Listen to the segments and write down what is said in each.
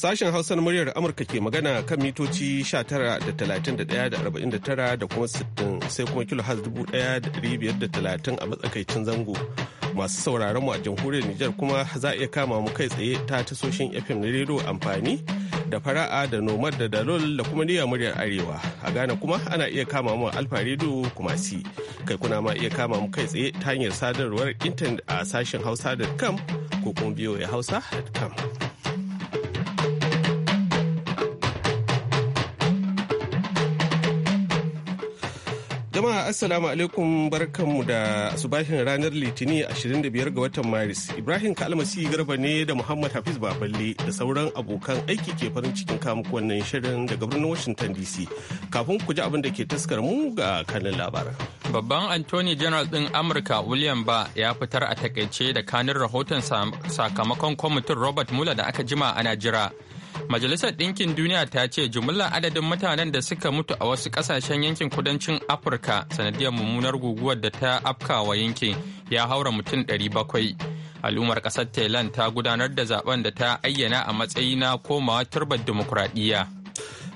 Sashen Hausa muryar Amurka ke magana kan mitoci 19 da da kuma 60 sai kuma kilo da 1530 a matsakaicin zango. Masu sauraron mu a jamhuriyar Nijar kuma za a iya kama mu kai tsaye ta tasoshin FM na rediyo amfani da fara'a da nomad da dalol da kuma niyyar muryar arewa. A Ghana kuma ana iya kama mu alfa rediyo kuma Kai kuna ma iya kama mu kai tsaye ta hanyar sadarwar intanet a sashen hausa.com ko kuma biyo hausa.com. Jama'a Assalamu alaikum barkanmu da subahin ranar Litini 25 ga watan Maris. Ibrahim Kalmasi Garba ne da Muhammad Hafiz Baballe da sauran abokan aiki ke farin cikin kamuku wannan shirin daga birnin Washington DC. Kafin ku ji abin da ke taskar mu ga kanin labaran. Babban Anthony General ɗin Amurka William Ba ya fitar a takaice da kanin rahoton sakamakon kwamitin Robert Mueller da aka jima a Najeriya. Majalisar Ɗinkin Duniya ta ce jumlar adadin mutanen da suka mutu a wasu ƙasashen yankin kudancin Afirka sanadiyar mummunar guguwar da ta afkawa yankin ya haura mutum 700. Al'ummar ƙasar Thailand ta gudanar da zaben da ta ayyana a matsayi na komawa turbar dimokuraɗiyya.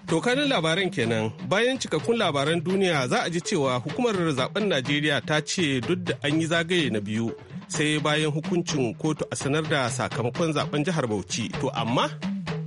To labaran kenan bayan cikakkun labaran duniya za a ji cewa hukumar zaben Najeriya ta ce duk da an yi zagaye na biyu sai bayan hukuncin kotu a sanar da sakamakon zaben jihar Bauchi to amma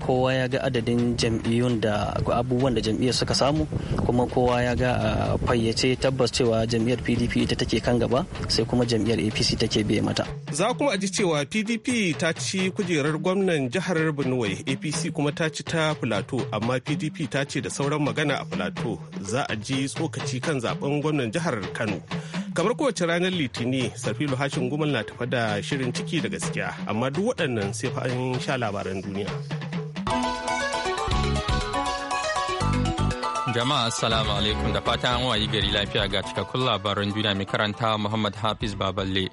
kowa ya ga adadin jam'iyyun da abubuwan da jam'iyyar suka samu kuma kowa ya ga a ah, fayyace tabbas cewa jam'iyyar pdp ita take kan gaba sai kuma jam'iyyar apc take biye mata za kuma a ji cewa pdp ta ci kujerar gwamnan jihar benue apc kuma ta ci ta filato amma pdp ta ce da sauran magana a filato za a ji tsokaci kan zaben gwamnan jihar kano kamar kowace ranar litini safilu hashin gumal na tafa da shirin ciki da gaskiya amma duk waɗannan sai fa an sha labaran duniya. Jama'a assalamu alaikum da fatan an wayi gari lafiya ga cikakkun labaran duniya mai karanta Muhammad Hafiz Baballe.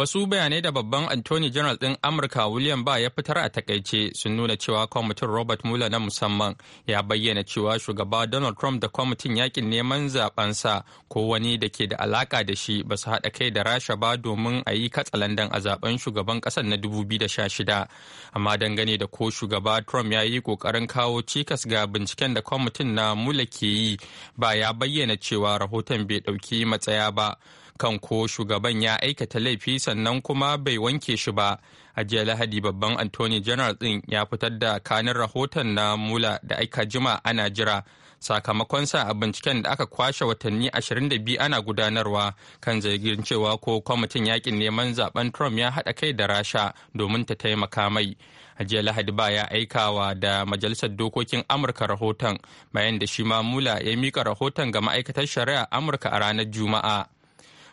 Wasu bayanai da babban Anthony General ɗin Amurka William ba ya fitar a takaice sun nuna cewa kwamitin Robert Mueller na musamman ya bayyana cewa shugaba Donald Trump da kwamitin yakin neman zabansa ko wani da ke da alaka da shi ba su haɗa kai da Rasha ba domin a yi katsalandan a zaben shugaban ƙasar na 2016. Amma dangane da ko shugaba Trump ya yi ƙoƙarin kawo cikas ga binciken da kwamitin na Mueller ke yi ba ya bayyana cewa rahoton bai ɗauki matsaya ba. kan ko shugaban ya aikata laifi sannan kuma bai wanke shi ba a jiya lahadi babban antony general din ya fitar da kanin rahoton na mula da aka jima ana jira sakamakon sa a binciken da aka kwashe watanni 22 ana gudanarwa kan zargin cewa ko kwamitin yakin neman zaben trump ya haɗa kai da rasha domin ta taimaka mai a jiya lahadi ba ya aikawa da majalisar dokokin amurka rahoton bayan da shi ma mula ya mika rahoton ga ma'aikatar shari'a amurka a ranar juma'a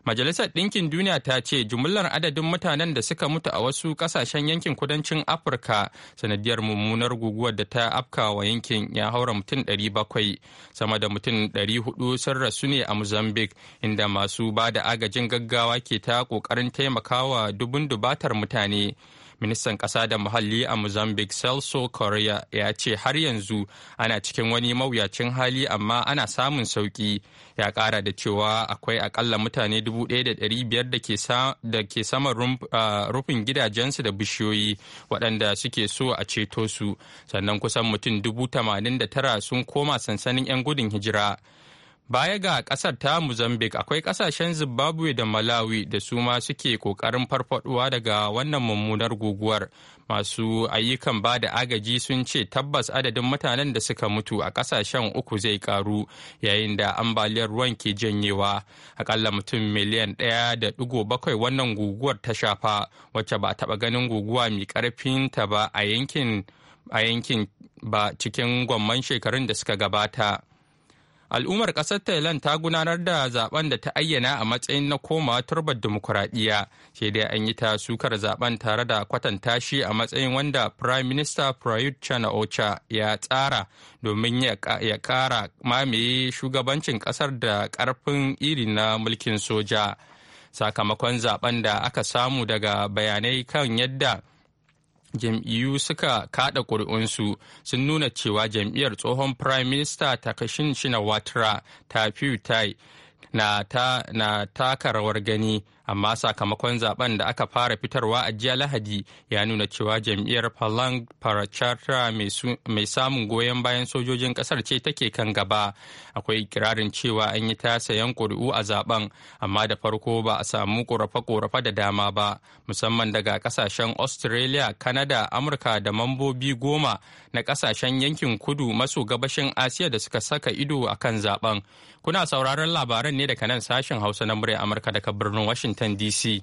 Majalisar Ɗinkin Duniya ta ce jumlar adadin mutanen da suka mutu a wasu ƙasashen yankin kudancin Afirka sanadiyar mummunar guguwar da ta afka wa yankin ya haura mutum 700 sama da mutum 400 sun rasu ne a Mozambique inda masu ba da agajin gaggawa ke ta ƙoƙarin taimakawa dubun dubatar mutane. ministan ƙasa da muhalli a mozambique celso korea ya ce har yanzu ana cikin wani mawuyacin hali amma ana samun sauƙi ya ƙara da cewa akwai akalla mutane 1,500 da ke sama rufin gidajensu da bishiyoyi waɗanda suke so a ceto su sannan kusan mutum 89 sun koma sansanin 'yan gudun hijira. Baya ga ƙasar ta Mozambique akwai kasashen Zimbabwe da Malawi da su ma suke kokarin farfaduwa daga wannan mummunar guguwar. Masu ayyukan ba da agaji sun ce tabbas adadin mutanen da suka mutu a kasashen uku zai karu yayin da ambaliyar ruwan ke janyewa. Akalla mutum miliyan ɗaya da ɗigo bakwai wannan guguwar ta shafa wacce ba taɓa ganin guguwa mai ta ba a yankin a yankin ba cikin gwamman shekarun da suka gabata. al'ummar kasar thailand ta gudanar da zaben da ta ayyana a matsayin na komawa turbar dimokuraɗiyya sai dai an yi ta sukar zaben tare da kwatanta shi a matsayin wanda prime minister prayut chan ocha ya tsara domin ya kara mamaye shugabancin kasar da karfin iri na mulkin soja sakamakon zaben da aka samu daga bayanai kan yadda jam'iyyu suka kada ƙuri'unsu sun nuna cewa jam'iyyar tsohon prime minister takashin shinawatra ta na taka rawar gani amma sakamakon zaben da aka fara fitarwa a jiya lahadi ya nuna cewa jam'iyyar palang parachatra mai samun goyon bayan sojojin kasar ce take kan gaba akwai ikirarin cewa an yi ta sayan ƙuri'u a zaben amma da farko ba a samu ƙorafe-ƙorafe da dama ba musamman daga kasashen australia canada amurka da mambobi goma na kasashen yankin kudu maso gabashin asiya da suka saka ido a kan zaben kuna sauraron labaran ne daga nan sashen hausa na murya amurka daga birnin washington Washington DC.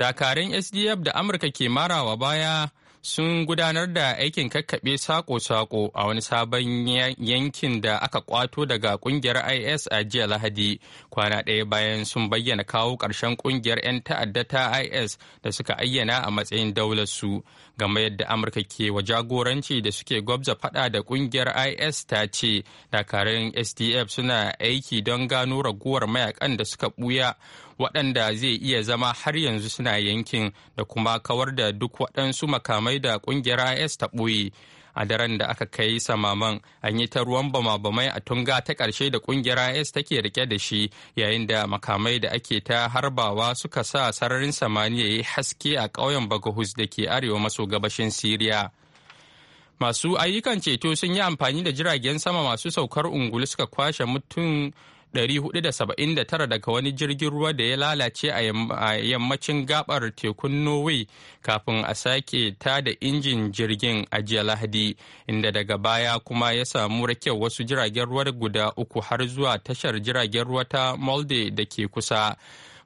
Dakarun SDF da Amurka ke marawa baya sun gudanar da aikin kakkaɓe sako-sako a wani sabon yankin da aka kwato daga kungiyar is a jiya lahadi kwana ɗaya bayan sun bayyana kawo ƙarshen kungiyar 'yan ta'adda ta is da suka ayyana a matsayin daularsu game yadda amurka ke wa jagoranci da suke gwabza fada da kungiyar is ta ce dakarun sdf suna aiki don gano ragowar mayakan da suka ɓuya. waɗanda zai iya zama har yanzu suna yankin da kuma kawar da duk waɗansu makamai da ƙungiyar is ta ɓoye a daren da aka kai samaman an yi ta ruwan bama-bamai a tunga ta ƙarshe da ƙungiyar is take rike da shi yayin da makamai da ake ta harbawa suka sa sararin samaniya ya yi haske a ƙauyen bagahus da ke arewa maso gabashin siriya masu ayyukan ceto sun yi amfani da jiragen sama masu saukar ungulu suka kwashe mutum 479 daga wani jirgin ruwa da ya lalace a yammacin gabar tekun norway kafin a sake ta da injin jirgin a jiya lahadi inda daga baya kuma ya samu rakiyar wasu jiragen ruwa guda uku har zuwa tashar jiragen ruwa ta molde da ke kusa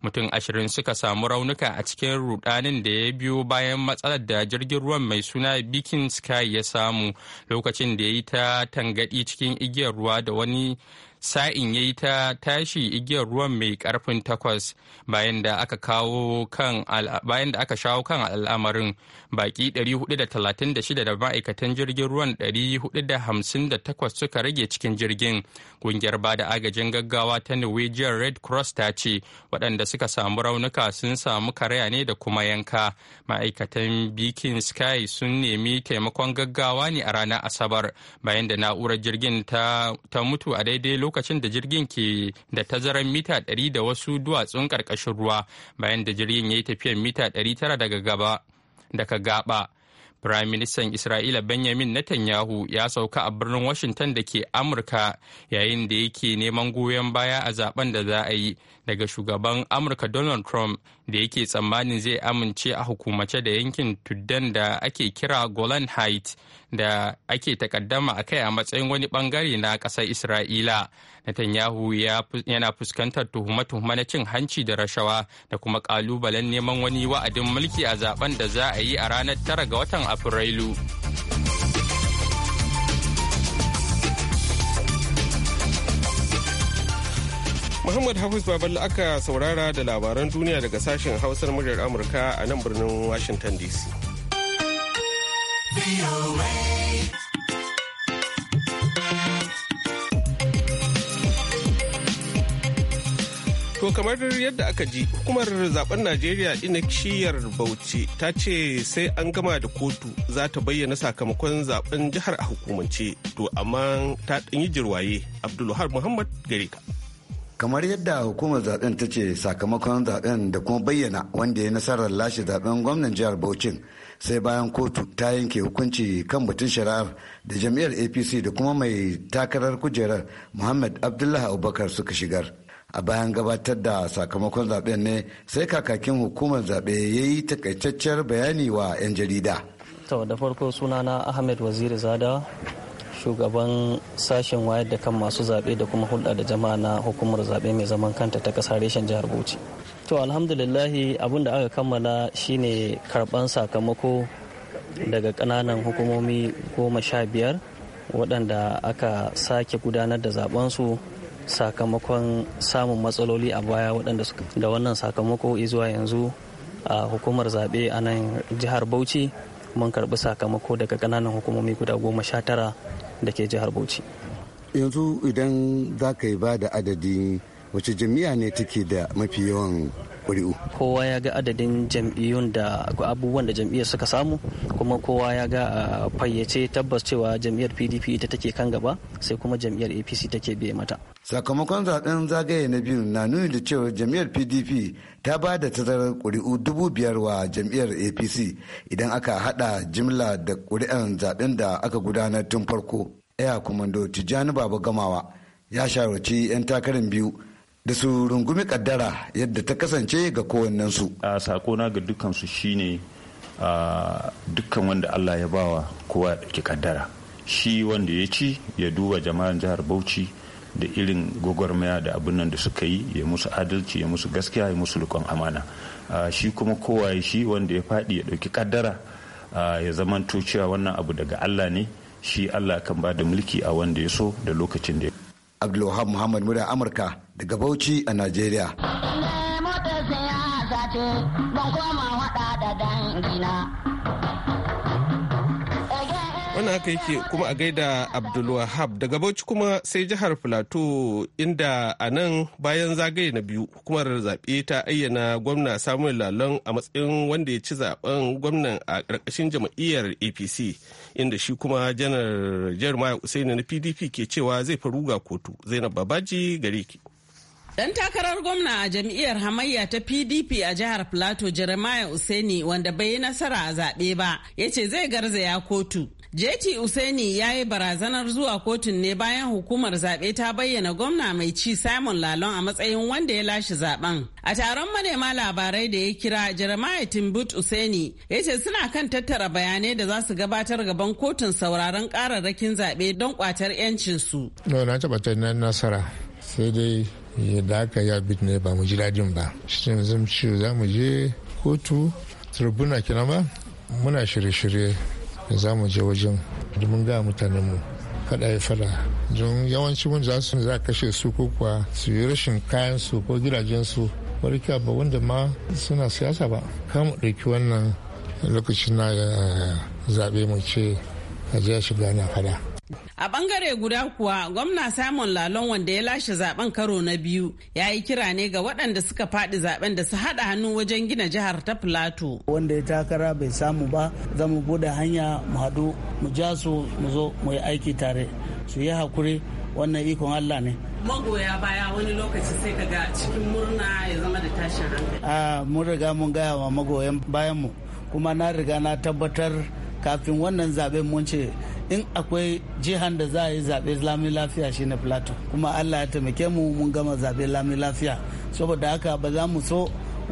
mutum ashirin suka samu raunuka a cikin rudanin da ya biyo bayan matsalar da jirgin ruwan mai suna bikin sky ya samu lokacin da ya yi ta tangadi cikin igiyar ruwa da wani sa'in ya yi ta tashi igiyar ruwan mai karfin takwas bayan da aka kawo kan bayan da aka shawo kan al'amarin baki 436 da ma'aikatan jirgin ruwan 458 suka rage cikin jirgin kungiyar ba da agajin gaggawa ta norwegian red cross ta ce waɗanda suka samu raunuka sun samu karaya ne da kuma yanka ma'aikatan bikin sky sun nemi taimakon gaggawa ne a ranar asabar bayan da na'urar jirgin ta mutu a daidai lokacin lokacin da jirgin ke da tazarar mita ɗari da wasu duwatsun ƙarƙashin ruwa bayan da jirgin ya yi tafiyar mita ɗari tara daga gaba daga gaba Firaministan Isra'ila Benjamin Netanyahu ya sauka a birnin Washington da ke Amurka yayin da yake neman goyon baya a zaben da za a yi daga shugaban Amurka Donald Trump da yake tsammanin zai amince a hukumace da yankin tuddan da ake kira golan heights da ake takaddama a kai a matsayin wani bangare na ƙasar isra'ila netanyahu yana fuskantar tuhuma-tuhuma na cin hanci da rashawa da kuma ƙalubalen neman wani wa'adin mulki a zaben da za a yi a ranar 9 ga watan afrilu Muhammad Hafiz Baballe aka saurara da labaran duniya daga sashen Hausar muryar Amurka a nan birnin Washington DC. To kamar yadda aka ji hukumar zaben Najeriya ina shiyar Bauchi ta ce sai an gama da kotu za ta bayyana sakamakon zaben jihar a hukumance to amma ta ɗanyi jirwaye Abdulluhar Muhammad gareka kamar yadda hukumar zaben ta ce sakamakon zaben da kuma bayyana wanda ya nasarar lashe zaben gwamnan jihar Bauchi sai bayan kotu ta yanke hukunci kan batun shari'ar da jami'ar apc da kuma mai takarar kujerar muhammad abdullahi abubakar suka shigar a bayan gabatar da sakamakon zaben ne sai kakakin hukumar zaɓe ya yi takaitaccen bayani wa 'yan jarida to da farko sunana ahmed waziri zada shugaban sashen wayar da kan masu zaɓe da kuma hulɗa da jama'a na hukumar zaɓe mai zaman kanta ta ƙasa reshen jihar bauchi to alhamdulillahi abin da aka kammala shine karɓan sakamako daga ƙananan hukumomi goma sha biyar waɗanda aka sake gudanar da zaɓensu sakamakon samun matsaloli a baya waɗanda da wannan sakamako zuwa yanzu a hukumar zaɓe a nan jihar bauchi mun karɓi sakamako daga ƙananan hukumomi guda goma sha tara da ke jihar bauchi yanzu idan za ka yi ba da adadin wace jami'a ne take da mafi yawan kuri'u. kowa ya ga adadin jam'iyyun da abubuwan da jam'iyyar suka samu kuma kowa ya ga a fayyace tabbas cewa jam'iyyar pdp ita take kan gaba sai kuma jam'iyyar apc take biye mata sakamakon zaben zagaye na biyu na nuni da cewa jam'iyyar pdp ta ba da tazarar kuri'u dubu biyar wa jam'iyyar apc idan aka hada jimla da ƙuri'an zaben da aka gudanar tun farko ɗaya kumando tijjani baba gamawa ya shawarci 'yan takarar biyu da su rungumi kaddara yadda ta kasance ga kowannensu. a sakona ga dukansu shine a dukkan wanda allah ya bawa kowa ya kaddara shi wanda ya ci ya duba jama'an jihar bauchi da irin gwagwarmaya da abin nan da suka yi ya musu adalci ya musu gaskiya ya musu rikon amana shi kuma kowa shi wanda ya faɗi ya ɗauki kaddara ya zamanto cewa wannan abu daga allah ne shi allah kan ba da mulki a wanda ya so da lokacin da ya Abdulwahab Muhammad murya Amurka daga Bauchi a Najeriya. Wani haka yake kuma a gaida Abdulwahab daga Bauchi kuma sai jihar Filato inda a nan bayan zagaye na biyu hukumar zaɓe ta ayyana gwamna Samuel Lalon a matsayin wanda ya ci zaɓen gwamnan a ƙarƙashin jam'iyyar APC. inda shi kuma janar jeremiah usaini na pdp ke cewa zai ruga kotu zainab babaji gare ki Dan takarar gwamna a jam'iyyar hamayya ta PDP a jihar Plateau Jeremiah Useni wanda bai yi nasara a zaɓe ba, ya ce zai garzaya kotu JT Useni ya yi barazanar zuwa kotun ne bayan hukumar zaɓe ta bayyana gwamna mai ci Simon Lalon a matsayin wanda ya lashe zaben. A taron manema labarai da ya kira Jeremiah Timbut Useni ya ce suna kan tattara bayanai da za su gabatar gaban kotun sauraron ƙararrakin zaɓe don kwatar 'yancinsu. No, na taɓa na nasara sai dai ya daka ya bit ne ba mu ji daɗin ba. Shi za mu je kotu tribuna kina ba muna shirye-shirye da za mu je wajen domin gaya mutanen mu kada ya fada don yawanci mun za su za kashe su ko kuwa su yi rashin kayan su ko gidajen su warka ba wanda ma suna siyasa ba kama ɗauki wannan lokacin na eh, zaɓe mu ce a je shiga na fada A bangare guda kuwa gwamna Simon Lalon wanda ya lashe zaben karo na biyu ya yi kira ne ga waɗanda suka faɗi zaben da su haɗa hannu wajen gina jihar ta Filato. Wanda ya takara bai samu ba za mu buɗe hanya mu haɗu mu ja su mu zo mu yi aiki tare su yi hakuri wannan ikon Allah ne. Magoya baya wani lokaci sai ka ga cikin murna ya zama da tashin hankali. A ah, mun riga mun gaya wa magoyan bayanmu kuma na riga na tabbatar kafin wannan zaben mun ce in akwai jihan da za a yi zaɓe lami lafiya shi na plateau kuma allah ya taimake mu mun gama zaɓe lami lafiya saboda haka ba za mu so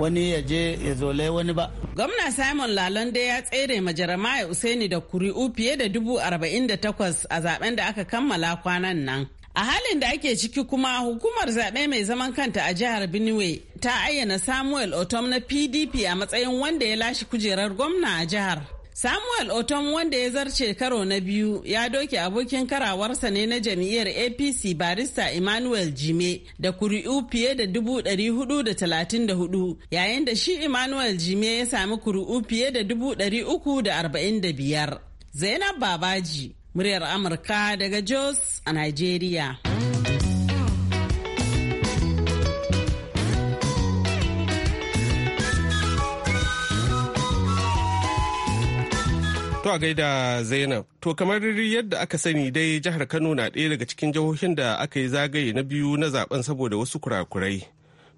wani ya je ya zole wani ba. Gwamna Simon Lalonde ya tsere majaramaya Usaini da kuri'u fiye da dubu arba'in da takwas a zaben da aka kammala kwanan nan. A halin da ake ciki kuma hukumar zaɓe mai zaman kanta a jihar Benue ta ayyana Samuel Otom na PDP a matsayin wanda ya lashe kujerar gwamna a jihar. Samuel Otom wanda ya zarce karo na biyu ya doke abokin karawarsa ne na jam'iyyar APC barista Emmanuel Jime da kuri'u fiye da dubu ɗari da talatin da hudu yayin da shi Emmanuel Jime ya sami kuri'u fiye da dubu ɗari uku da arba'in da biyar. Zainab Babaji, muryar Amurka daga Jos a Nigeria. To a gaida Zainab, to kamar yadda aka sani dai jihar Kano na ɗaya daga cikin jihohin da aka yi zagaye na biyu na zaben saboda wasu kurakurai.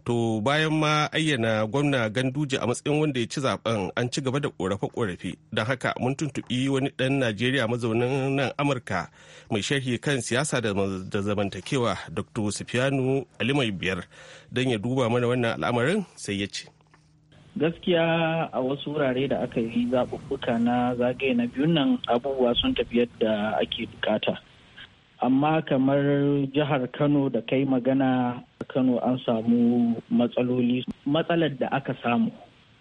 To bayan ma ayyana gwamna Ganduje a matsayin wanda ya ci zaben an ci gaba da korafe-korafe. Don haka mun tuntuɓi wani ɗan Najeriya mazaunin nan Amurka mai sharhi kan siyasa da zamantakewa Dr. Sufiyanu Alimai Biyar don ya duba mana wannan al'amarin sai ya ce. gaskiya a wasu wurare da aka yi zaɓuɓɓuka na zagaye na biyun nan abubuwa sun tafi yadda ake bukata amma kamar jihar kano da kai magana kano an samu matsaloli matsalar da aka samu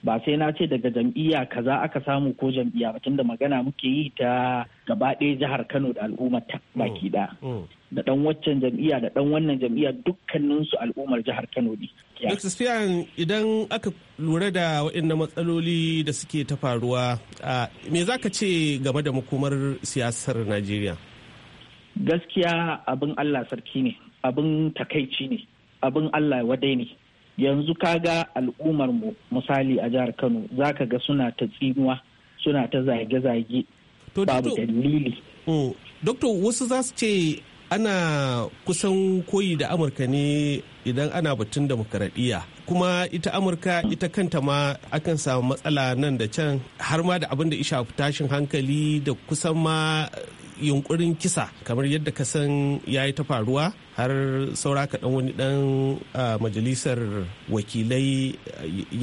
ba sai na ce daga jam'iyya kaza aka samu ko jam'iyya ba tunda magana muke yi ta gaba ɗaya jihar Kano da al'ummar ta baki mm. Mm. da da dan waccan jam'iyya da dan wannan jam'iyya dukkanin su al'ummar jihar Kano ne Dr. Spian idan aka lura da waɗannan matsaloli da suke ta faruwa me zaka ce game da makomar siyasar Najeriya Gaskiya abin Allah sarki ne abin takaici ne abin Allah wadai ne yanzu kaga al'ummar mu misali a jihar kano zaka ga suna ta tsinuwa suna ta zage-zage babu dalili doktor wasu za su ce ana kusan koyi da amurka ne idan ana batun demokaradiyya kuma ita amurka ita kanta ma akan samu matsala nan da can har ma da abin da isha tashin hankali da kusan ma yunkurin kisa kamar yadda ka san ya yi ta faruwa har saura kaɗan wani ɗan majalisar wakilai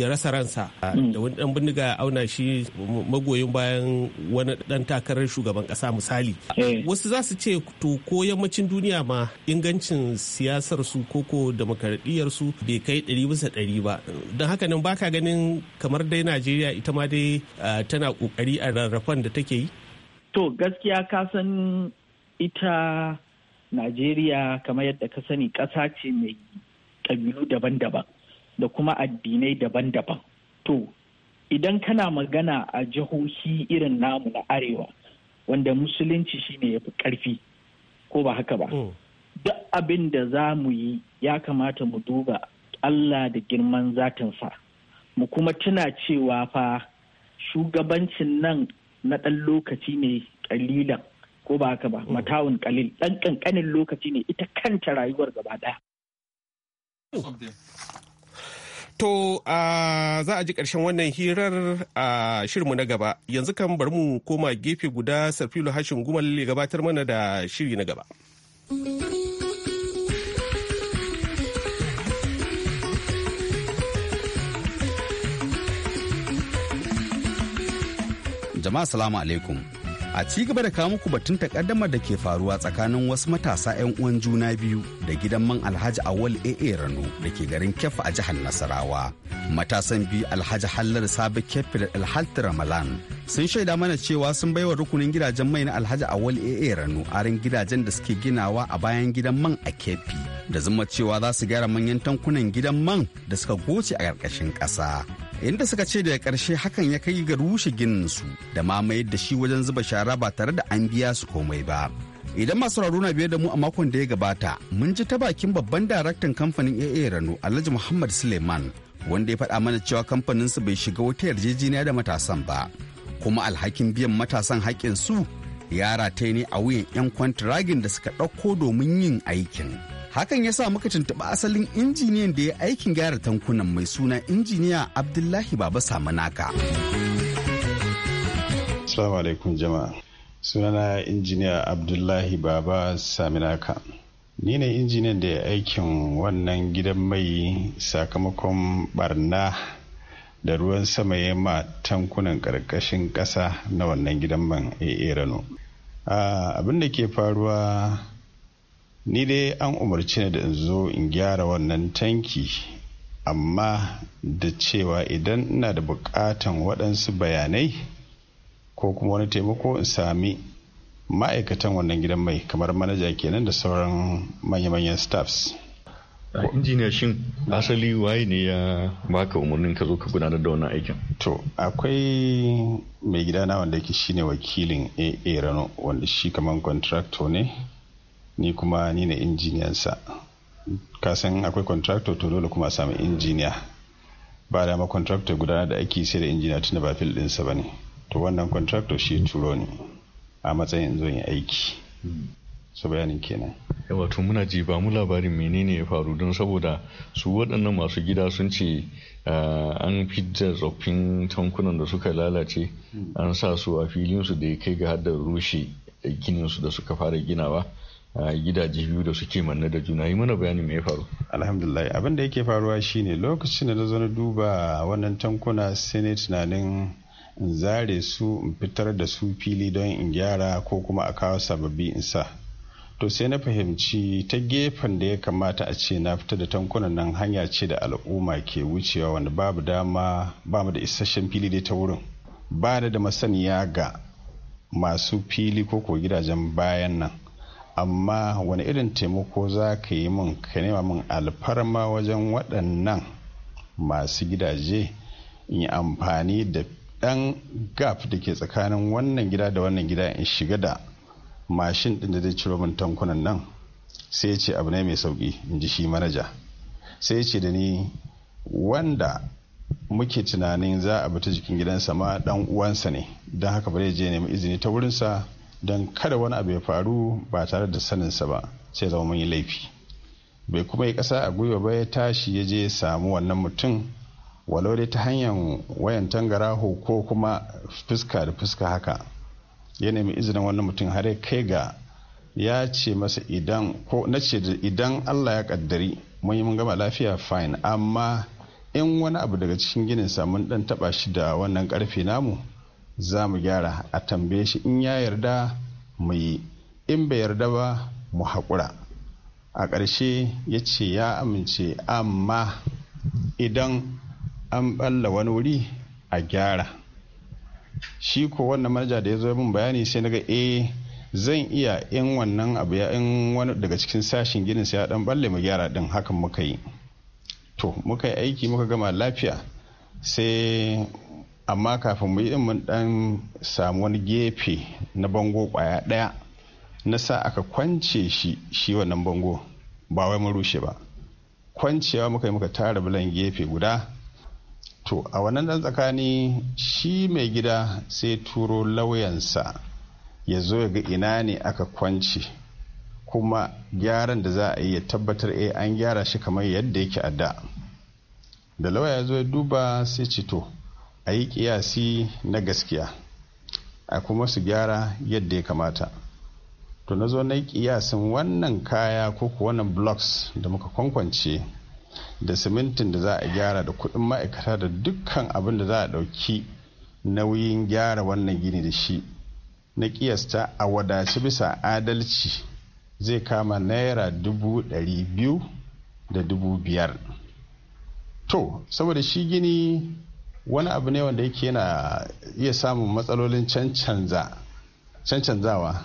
ya rasa ransa da wani ɗan bindiga auna shi magoyin bayan wani ɗan takarar shugaban ƙasa misali eh. wasu za su ce to ko yammacin duniya ma ingancin siyasar su ko demokaradiyyar su bai kai ɗari bisa ɗari ba don haka nan baka ganin kamar dai najeriya ita ma dai tana ƙoƙari a rarrafan da take yi To gaskiya ka san ita Najeriya kamar yadda ka sani ƙasa ce mai ƙabilu daban-daban da kuma addinai daban-daban. To idan kana magana a jihohi irin namu na arewa wanda musulunci shine ya fi ƙarfi ko ba haka ba. Mm. Duk abin da za mu yi ya kamata mu duba Allah da girman zatinsa. mu kuma tuna cewa fa shugabancin nan na ɗan lokaci ne ƙalilan ko ba haka ba mm. matawun ƙalil ɗan ƙanƙanin lokaci ne ita kanta rayuwar gaba ɗaya. To za a ji ƙarshen wannan hirar a shirmu na gaba yanzu kan bar mu koma gefe guda safilu hashin gumal gabatar mana da shiri na gaba. Jama'a salamu alaikum. A ci gaba da kawo muku batun takaddamar da ke faruwa tsakanin wasu matasa 'yan uwan juna biyu da gidan man Alhaji Awal AA Rano da ke garin Kefa a jihar Nasarawa. Matasan biyu Alhaji Hallar Sabi Kefi da Alhaji Ramalan sun shaida mana cewa sun baiwa rukunin gidajen mai na Alhaji Awal AA Rano aren gidajen da suke ginawa a bayan gidan man a Kefi da zuma cewa za su gyara manyan tankunan gidan man da suka goce a ƙarƙashin ƙasa. inda suka ce daga karshe hakan ya kai ga rushe ginin su da mamayar da shi wajen zuba shara ba tare da an biya su komai ba idan masu na biye da mu a makon da ya gabata mun ji ta bakin babban daraktan kamfanin aa rano alhaji muhammad suleiman wanda ya faɗa mana cewa kamfanin su bai shiga wata yarjejeniya da matasan ba kuma alhakin biyan matasan haƙƙin su ya rataye ne a wuyan 'yan kwantiragin da suka ɗauko domin yin aikin hakan ya sa muka tuntuɓi asalin injiniyan da ya aikin gyara tankunan mai suna injiniya abdullahi baba samanaka assalamu alaikum jama'a sunana injiniya abdullahi baba saminaka ni ne injiniyan da ya aikin wannan gidan mai sakamakon barna da ruwan sama ya ma tankunan ƙarƙashin ƙasa na wannan gidan man a rano ah, abin da ke faruwa ni dai an umarci ni da in zo in gyara wannan tanki amma da cewa idan ina da bukatan waɗansu bayanai ko kuma wani taimako in sami ma'aikatan wannan gidan mai kamar manaja kenan da sauran manya-manyan staffs ah, injiniya shin asali waye ne ya baka umarnin ka zo ka gudanar da wannan aikin to akwai mai gidana wanda yake shine wakilin aa rano wanda shi kamar contractor ne ni kuma ni ne ka kasan akwai contractor to dole kuma samu injiniya ba da dama contractor gudanar da aiki sai da injiniya tunda ba fil sa ba ne to wannan contractor shi turo ne a matsayin zo yin aiki su bayanin kenan wato muna ji ba mu labarin menene ya faru don saboda su waɗannan masu gida sun ce eh, an fidda tsoffin tankunan da suka lalace an sa su a filin su da ya kai ga haddar rushe ginin su da suka fara ginawa gidaje biyu da suke manne da juna yi mana bayani me ya faru alhamdulillah abin da yake faruwa shine lokacin da na zo na duba wannan tankuna sai tunanin in zare su in fitar da su fili don in gyara ko kuma a kawo sababbi in sa to sai na fahimci ta gefen da ya kamata a ce na fita da tankunan nan hanya ce da al'umma ke wucewa wanda babu dama ba mu da isasshen fili dai ta wurin ba da masaniya ga masu fili ko ko gidajen bayan nan amma wani irin taimako za ka yi min ka nema min alfarma wajen waɗannan masu gidaje in yi amfani da ɗan gaf da ke tsakanin wannan gida da wannan gida in shiga da mashin ɗin da zai ciro min tankunan nan sai ce abu ne mai sauƙi in ji shi manaja sai ce da ni wanda muke tunanin za a bi ta jikin gidansa ma ɗan uwansa ne don haka ba zai je nemi izini ta wurinsa don kada wani abu ya faru ba tare da saninsa ba sai zama mun yi laifi bai kuma yi ƙasa a gwiwa ba ya tashi ya je samu wannan mutum walau dai ta hanyar wayan tangaraho ko kuma fuska da fuska haka ya nemi izinin wannan mutum har ya kai ga ya ce masa idan ko na ce da idan allah ya kaddari mun yi mun gama lafiya fine amma in wani abu daga cikin ginin samun dan taba shi da wannan karfe namu za mu gyara a tambaye shi in ya yarda mu yi in bai yarda ba mu haƙura a ƙarshe ya ce ya amince amma idan an ɓalla wani wuri a gyara shi ko wannan manaja da ya zo min bayani sai naga eh zan iya in wannan abu ya in wani daga cikin sashin ginin sai ya dan balle mu gyara din hakan muka yi to muka yi aiki muka gama lafiya sai amma kafin mu yi mun dan samu wani gefe na bango kwaya daya na sa aka kwance shi shi wannan bango ba wai mun rushe ba kwancewa muka yi muka tara bulan gefe guda to a wannan dan tsakani shi mai gida sai turo lauyansa ya zo ya ga ina ne aka kwance kuma gyaran da za a yi ya tabbatar eh an gyara shi kamar yadda yake a da da lauya ya zo ya duba sai ce to a yi kiyasi na gaskiya a kuma su gyara yadda ya kamata to na zo na yi kiyasin wannan kaya ko wannan blocks da muka kwankwance da simintin da za a gyara da kudin ma'aikata da dukkan abin da za a dauki nauyin gyara wannan gini da shi na kiyasta a wadaci bisa adalci zai kama naira dubu dari biyu da dubu biyar to saboda shi gini wani abu ne wanda yake yana iya samun matsalolin cancanzawa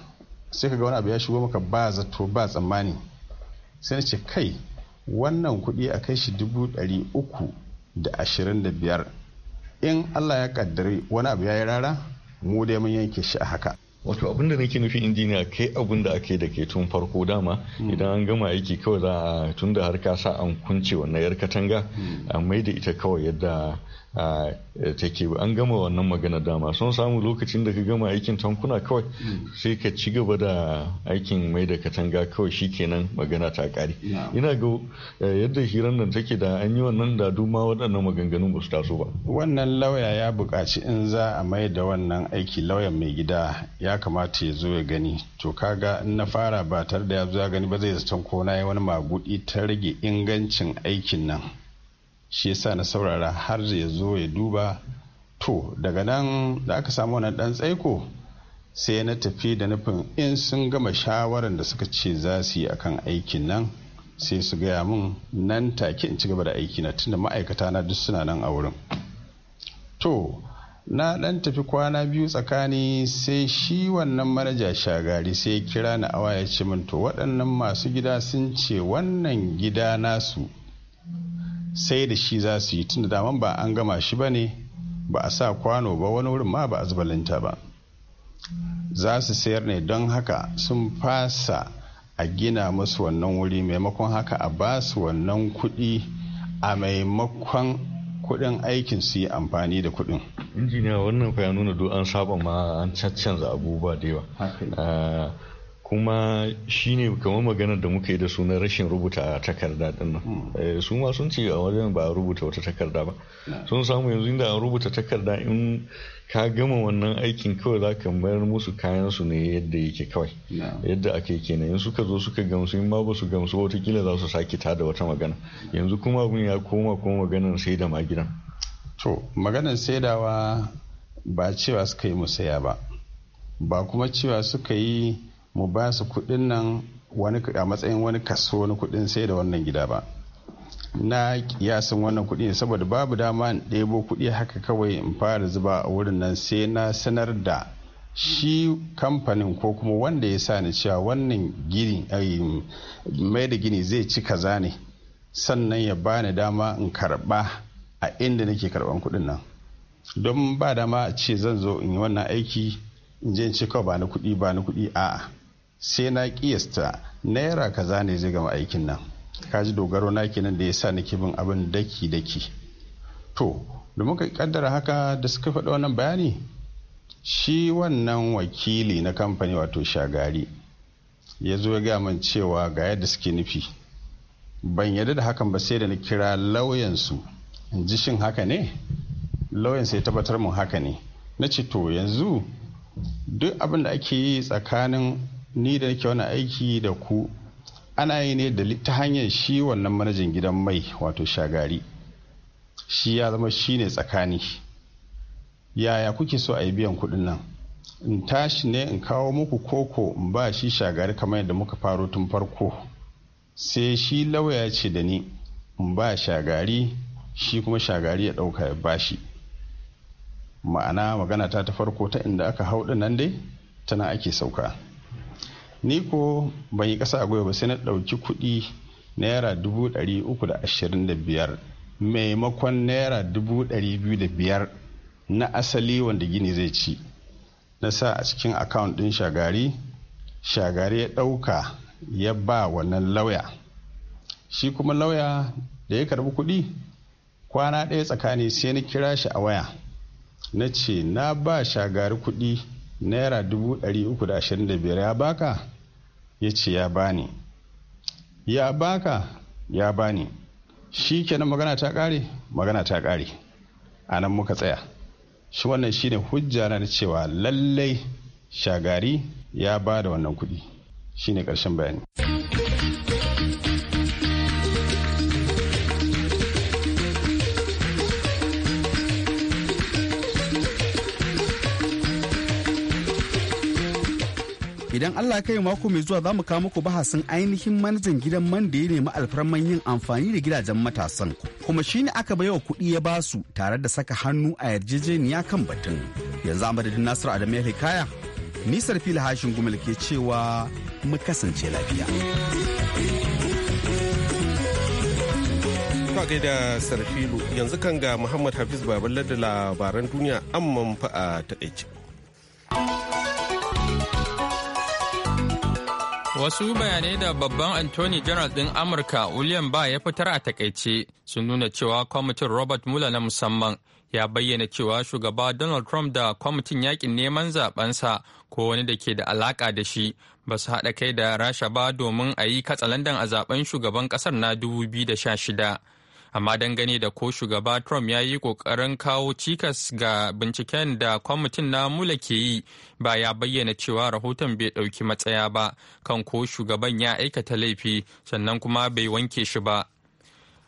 sai ka ga wani abu ya shigo maka ba zato ba tsammani sai na ce kai wannan kudi a kai shi dubu dari uku da ashirin da biyar in allah ya kaddari wani abu ya yi rara mu dai mun yanke shi a haka wato abin da nake nufin injiniya kai abin da ake da ke tun farko dama hmm. idan an gama aiki kawai za a tun da har ka sa an kunce wannan yar katanga hmm. a mai da ita kawai yadda Eh, take an gama wannan magana dama sun samu lokacin da ka gama aikin tankuna kawai mm. sai ka ci gaba da aikin mai da katanga kawai shi kenan magana ta kare ina ga eh, yadda hirar nan take da an yi wannan da duma waɗannan maganganun ba su taso ba wannan lauya ya buƙaci in za a mai da wannan aiki lauyan mai gida ya kamata ya zo ya gani to kaga in na fara ba tare da ya zo ya gani ba zai zaton ko na yi wani magudi ta rage ingancin aikin nan shi yasa na saurara har ya zo ya duba to daga nan da aka samu wannan dan tsaiko sai na tafi da nufin in sun gama shawaran da suka ce za su yi akan aikin nan sai su gaya min nan take in ci gaba da aiki na tunda ma'aikata na duk suna nan a wurin to na dan tafi kwana biyu tsakani sai shi wannan manaja shagari sai kira ni awa ya ce min to waɗannan masu gida sun ce wannan gida nasu sai da shi za su yi tunda daman ba an gama shi ba ne ba a sa kwano ba wani wurin ma ba a zubalinta ba za su sayar ne don haka sun fasa a gina musu wannan wuri maimakon haka a ba su wannan kuɗi a maimakon kuɗin aikin su yi amfani da kuɗin. injiniya wannan fa ya nuna do an saba ma an caccanza abubuwa da yawa kuma shine kamar maganar da muka yi da sunan rashin rubuta takarda din nan hmm. eh, su ma sun ce a wajen ba rubuta wata takarda ba sun samu yanzu inda an rubuta takarda in ka gama wannan aikin kawai za ka mayar musu kayan su ne yadda yake kawai yadda aka yi kenan in suka zo suka gamsu in ma ba su gamsu watakila za su sake da wata magana yanzu kuma abin ya koma ko maganar sai da magidan to maganar saidawa ba cewa suka yi musaya ba ba kuma cewa suka yi mu ba su kuɗin nan a matsayin wani kaso na kuɗin sai da wannan gida ba na kiyasin wannan kuɗi saboda babu dama in ɗebo kuɗi haka kawai in fara zuba a wurin nan sai na sanar da shi kamfanin ko kuma wanda ya sa ni cewa wannan gini mai da gini zai ci kaza ne sannan ya bani dama in karba a inda nake karban kuɗin nan don ba dama ce zan zo in yi wannan aiki in je in ce kawai ba na kuɗi ba na kuɗi a'a sai na kiyasta naira kaza ne zai gama aikin nan Ka ji dogaro na kenan da ya sa nake bin abin daki daki to da muka kaddara haka da suka faɗa wannan bayani shi wannan wakili na kamfani wato shagari ya zo ya gaya min cewa ga yadda suke nufi ban yadda da hakan ba sai da na kira lauyansu in ji shin haka ne lauyansa ya tabbatar mun haka ne na ce to yanzu duk abin da ake yi tsakanin ni da nake wani aiki da ku ana yi ne ta hanyar shi wannan manajan gidan mai wato shagari shi ya zama shi ne tsakani yaya kuke so a yi biyan kuɗin nan in tashi ne in kawo muku koko in ba shi shagari kamar yadda muka faro tun farko sai shi lauya ce da ni in ba shagari shi kuma shagari ya ɗauka ya bashi ma'ana magana ta ta farko ta inda aka hau nan dai tana ake sauka ni ko ban yi kasa a ba sai na ɗauki kuɗi naira dubu ɗari uku da ashirin da biyar maimakon naira dubu ɗari biyu da biyar na asali wanda gini zai ci na sa a cikin akawun ɗin shagari shagari ya ɗauka ya ba wannan lauya shi kuma lauya da ya karbi kuɗi kwana ɗaya tsakani sai na kira shi a waya na ce na ba shagari kuɗi naira dubu ɗari uku da ashirin da biyar ya baka ya ce ya bani ya baka ya bani shi kenan magana ta kare magana ta ƙare a nan muka tsaya shi wannan shine hujja na da cewa lallai shagari ya ba da wannan kuɗi ne ƙarshen bayani idan allah kai mako mai zuwa za mu kawo muku bahasin ainihin manajan gidan man da ya nemi alfarman yin amfani da gidajen matasan kuma shi ne aka baiwa kuɗi ya basu tare da saka hannu a yarjejeniya kan batun yanzu amadadin nasiru nasiru adamu hikaya nisar fili hashin gumal ke cewa mu kasance lafiya Ka gaida Sarfilu yanzu kan ga Muhammad Hafiz Babalar da labaran duniya amman fa'a ta taƙaice. Wasu bayanai da babban Anthony General ɗin Amurka William ba ya fitar a takaice sun nuna cewa kwamitin Robert Mueller na musamman ya bayyana cewa shugaba Donald Trump da kwamitin yakin neman zabensa ko wani da ke da alaka da shi ba su haɗa kai da rasha ba domin a yi katsalandan a zaben shugaban ƙasar na 2016. amma dangane da ko shugaba trump ya yi kokarin kawo cikas ga binciken da kwamitin na mula ke yi ba ya bayyana cewa rahoton bai ɗauki matsaya ba kan ko shugaban ya aikata laifi sannan kuma bai wanke shi ba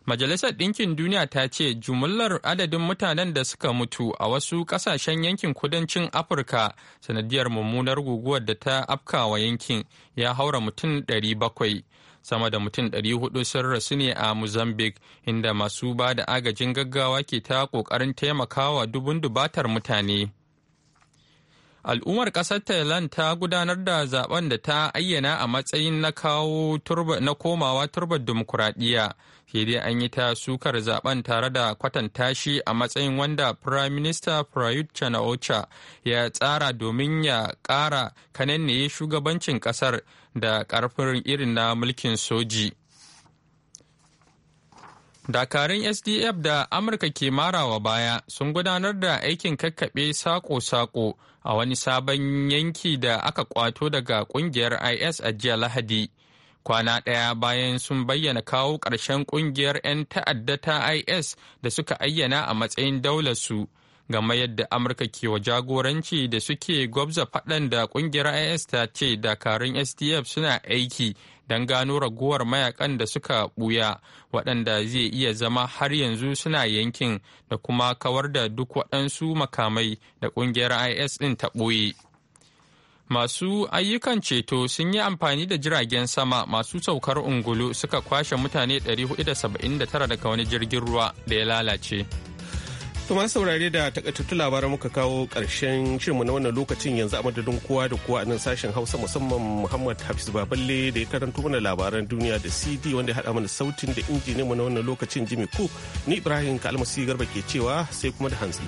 Majalisar Ɗinkin Duniya ta ce jumlar adadin mutanen da suka mutu a wasu ƙasashen yankin kudancin Afirka sanadiyar mummunar guguwar da ta afkawa yankin ya haura mutum 700. sama da mutum 400 sun rasu ne a mozambique inda masu ba da agajin gaggawa ke ta kokarin taimakawa dubun dubatar mutane al'ummar ƙasar thailand ta gudanar da zaben da ta ayyana a matsayin na kawo na komawa turbar dimokuraɗiyya sai dai an yi ta sukar zaben tare da kwatanta shi a matsayin wanda prime minister prayut ocha ya tsara domin ya ƙara kananne shugabancin ƙasar da ƙarfin irin na mulkin soji. Dakarun SDF da Amurka ke marawa baya sun gudanar da aikin kakkaɓe sako-sako a wani sabon yanki da aka kwato daga kungiyar is a jiya lahadi kwana ɗaya bayan sun bayyana kawo ƙarshen kungiyar 'yan ta'adda ta is da suka ayyana a matsayin daularsu game yadda amurka ke wa jagoranci da suke gwabza faɗan da kungiyar is ta ce dakarun sdf suna aiki don gano raguwar mayakan da suka buya waɗanda zai iya zama har yanzu suna yankin da kuma kawar da duk waɗansu makamai da ƙungiyar is ɗin ta ɓoye masu ayyukan ceto sun yi amfani da jiragen sama masu saukar ungulu suka kwashe mutane 479 daga wani jirgin ruwa da ya lalace. Tuma saurare da takaitattu labaran muka kawo ƙarshen shirinmu na wannan lokacin yanzu a madadin kowa da kowa a nan sashen Hausa musamman Muhammad Hafiz Baballe da ya karanto mana labaran duniya da CD wanda ya haɗa mana sautin da mu na wannan lokacin Jimmy Cook ni Ibrahim Kalmasi Garba ke cewa sai kuma da hantsi.